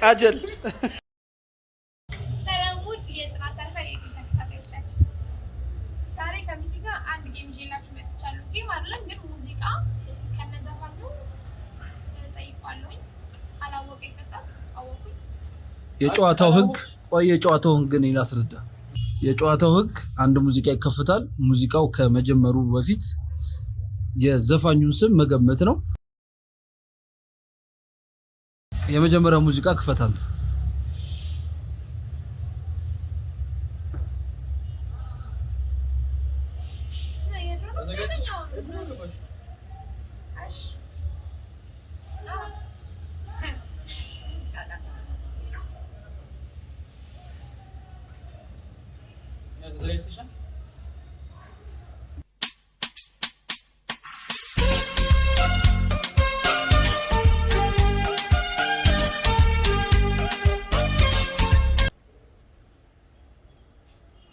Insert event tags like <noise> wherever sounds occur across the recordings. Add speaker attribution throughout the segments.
Speaker 1: ቃጀል
Speaker 2: ሰላም ውድ የጽናት ተከታታዮቻችን፣ ዛሬ ከሚኪ ጋር አንድ ጌም ይዤላችሁ መጥቻለሁ። ጌም አይደለም ግን ሙዚቃ ጠይቋለሁኝ። አላወቀ ይቀጣል፣ አወቁኝ።
Speaker 1: የጨዋታው ህግ ቆይ፣ የጨዋታውን ግን ላስረዳ። የጨዋታው ህግ አንድ ሙዚቃ ይከፍታል። ሙዚቃው ከመጀመሩ በፊት የዘፋኙን ስም መገመት ነው። የመጀመሪያው ሙዚቃ ክፈት አንተ።
Speaker 2: Zayıf seçen?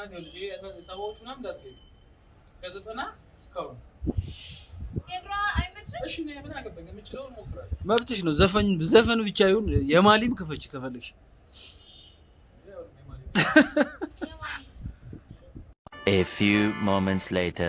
Speaker 3: ምናምን ይኸውልሽ ሰባዎቹ ምናምን እንዳትገቢ ከዘጠና እስካሁን
Speaker 1: መብትሽ ነው። ዘፈን ዘፈን ብቻ ይሁን። የማሊም ክፈች ከፈለግሽ። <laughs>
Speaker 4: A few moments later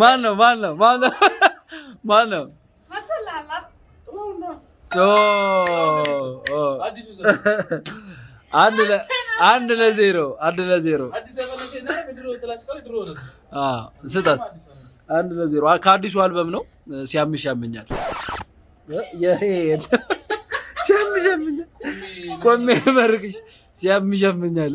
Speaker 1: ማን ነው? ማን ነው? ማን ነው? ማን ነው? አንድ ለዜሮ አንድ ለዜሮ ስጠት አንድ ለዜሮ ከአዲሱ አልበም ነው። ሲያምሽ ያመኛል ሲያምሽ ያመኛል ቆሜ መርቅሽ ሲያምሽ ያመኛል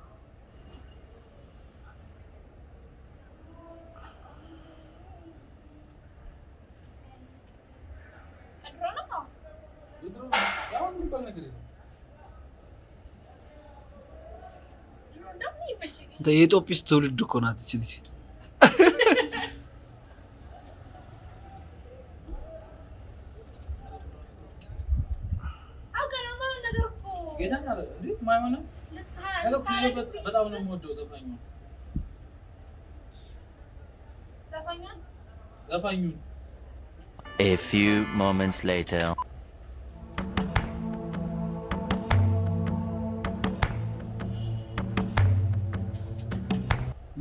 Speaker 1: የኢትዮጵስ ትውልድ እኮ ናት እች ልጅ።
Speaker 3: በጣም ነው የምወደው ዘፋኙን ዘፋኙን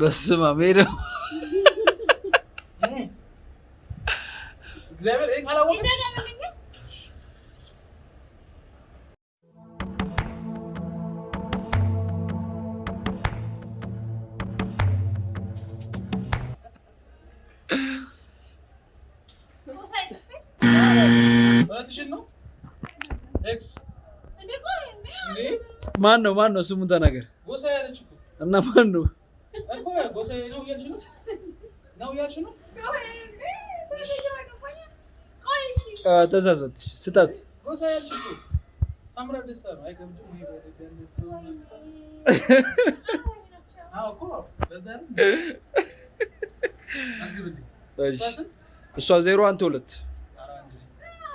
Speaker 1: በስመ አብ ሄደ። ማን ነው? ማን ነው? ስሙን ተናገር እና ማን ነው?
Speaker 3: ጎሳዬ ነው እያልሽ ነው ነው እያልሽ ነው።
Speaker 1: እሷ ዜሮ አንተ ሁለት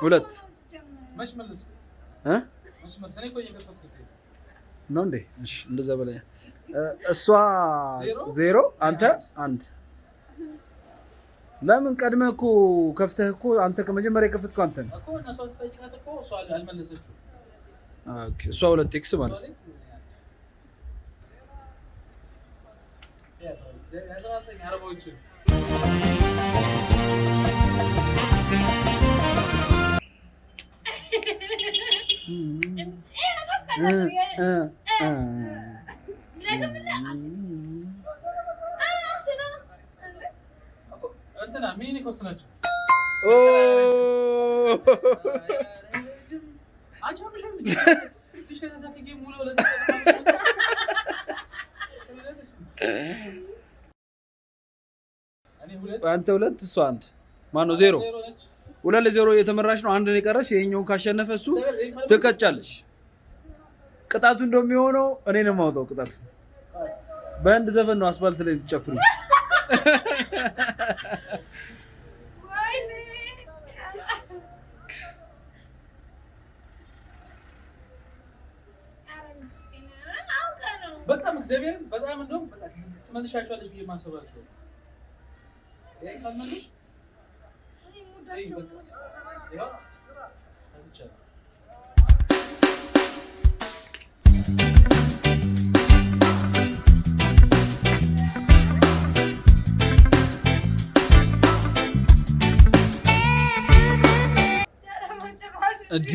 Speaker 1: ሁለት ነው እንዴ? እንደዛ በላይ እሷ ዜሮ አንተ አንድ። ለምን ቀድመህ እኮ ከፍተህ እኮ አንተ ከመጀመሪያ የከፍትከው አንተ ነህ። እሷ ሁለት ኤክስ ማለት ነው። አንተ ሁለት እሱ አንድ ማነው? ዜሮ ሁለት ለዜሮ እየተመራች ነው። አንድ ነው የቀረች። ይሄኛውን ካሸነፈ እሱ ትቀጫለች። ቅጣቱ እንደሚሆነው እኔ ነው የማወጣው። ቅጣቱ በአንድ ዘፈን ነው፣ አስፋልት ላይ የምትጨፍሩ
Speaker 3: በጣም እግዚአብሔርን በጣም እንደውም ትመልሻቸዋለች ብዬ ማሰባቸው
Speaker 1: እንዴ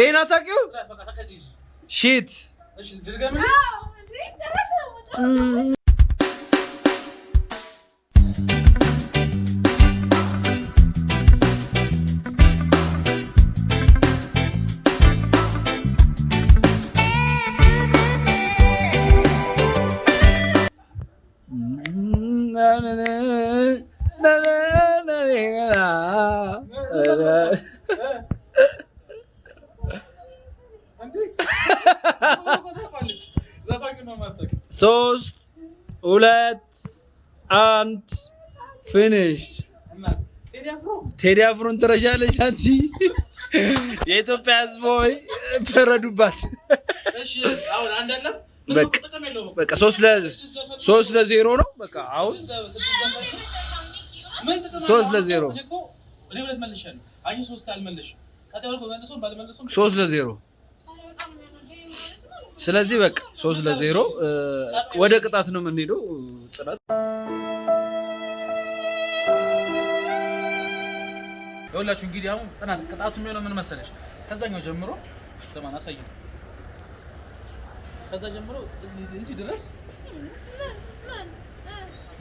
Speaker 1: ይሄን አታውቂው? ሺት እሺ ሶስት ሁለት አንድ ፊኒሽ። ቴዲ አፍሮን ትረሻለች አንቺ። የኢትዮጵያ ሕዝብ ሆይ ፈረዱባት። ሶስት ለዜሮ ነው። በቃ አሁን ሶስት ለዜሮ ሶስት ለዜሮ ስለዚህ በቃ ሶስት ለዜሮ ወደ ቅጣት ነው የምንሄደው። ጽናት
Speaker 3: ይኸውላችሁ እንግዲህ አሁን ጽናት ቅጣቱ የሚሆነው ምን መሰለሽ? ከዛኛው ጀምሮ ዘማን አሳየ ከዛ ጀምሮ እዚህ ድረስ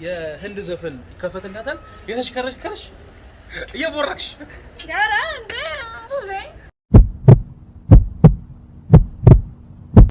Speaker 3: የህንድ ዘፈን ከፈትናታል። የተሽከረሽከረሽ እየቦረቅሽ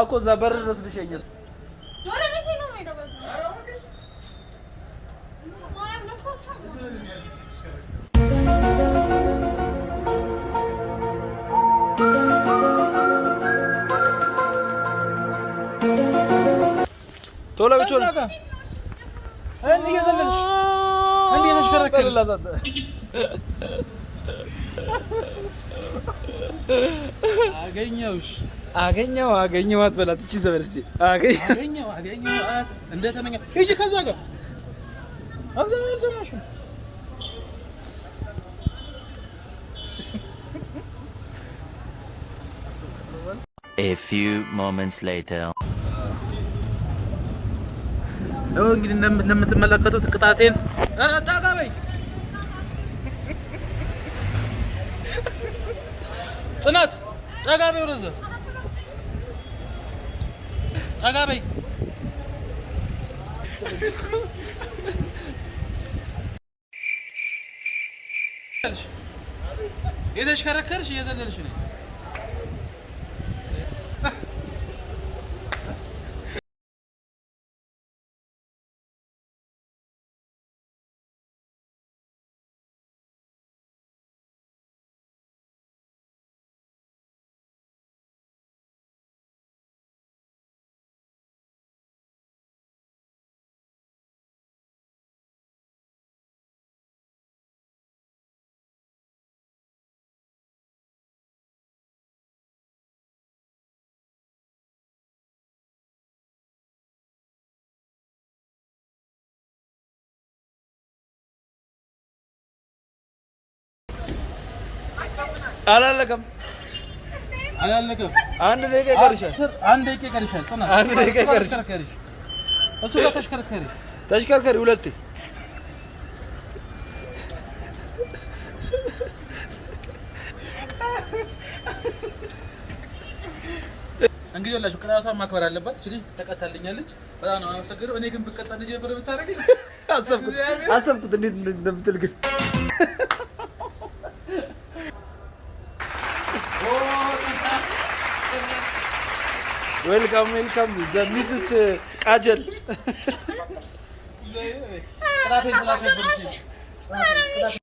Speaker 1: እኮ እዛ በር ነው ትልሸኛል። ቶሎ ብቻውን
Speaker 3: እየዘለለሽ እንዴት ተሽከረከረ አገኘሁሽ
Speaker 1: አገኘው አገኘዋት በላት። እቺ ዘበል እስቲ አገኘው
Speaker 3: አገኘዋት እንደ ተመኘ እጂ ከዛ ጋር
Speaker 4: A few moments later
Speaker 3: ነው እንግዲህ እንደምትመለከቱት ቅጣቴን ጽናት ጠጋ በይ፣ ወደ እዛ ጠጋ በይ። የተሽከረከርሽ እየዘለልሽ ነው። አላለቀም አላለቀም።
Speaker 1: አንድ ደቂቃ ይቀርሻል።
Speaker 3: አንድ ደቂቃ ይቀርሻል። ጽና አንድ ደቂቃ ይቀርሻል። እሱ ጋር ተሽከርከሪ
Speaker 1: ተሽከርከሪ ሁለቴ
Speaker 3: እንግዲህ ሁላችሁ ቅጣቷን ማክበር አለባት። እች ልጅ ተቀጣልኛለች። በጣም ነው የማመሰግነው። እኔ ግን ብቀጣ ልጅ ነበር ብታደርግ
Speaker 1: አሰብኩት አሰብኩት እንዴት እንደምትል ግን welcome welcome the Mrs Kajal
Speaker 3: Rakhi Rakhi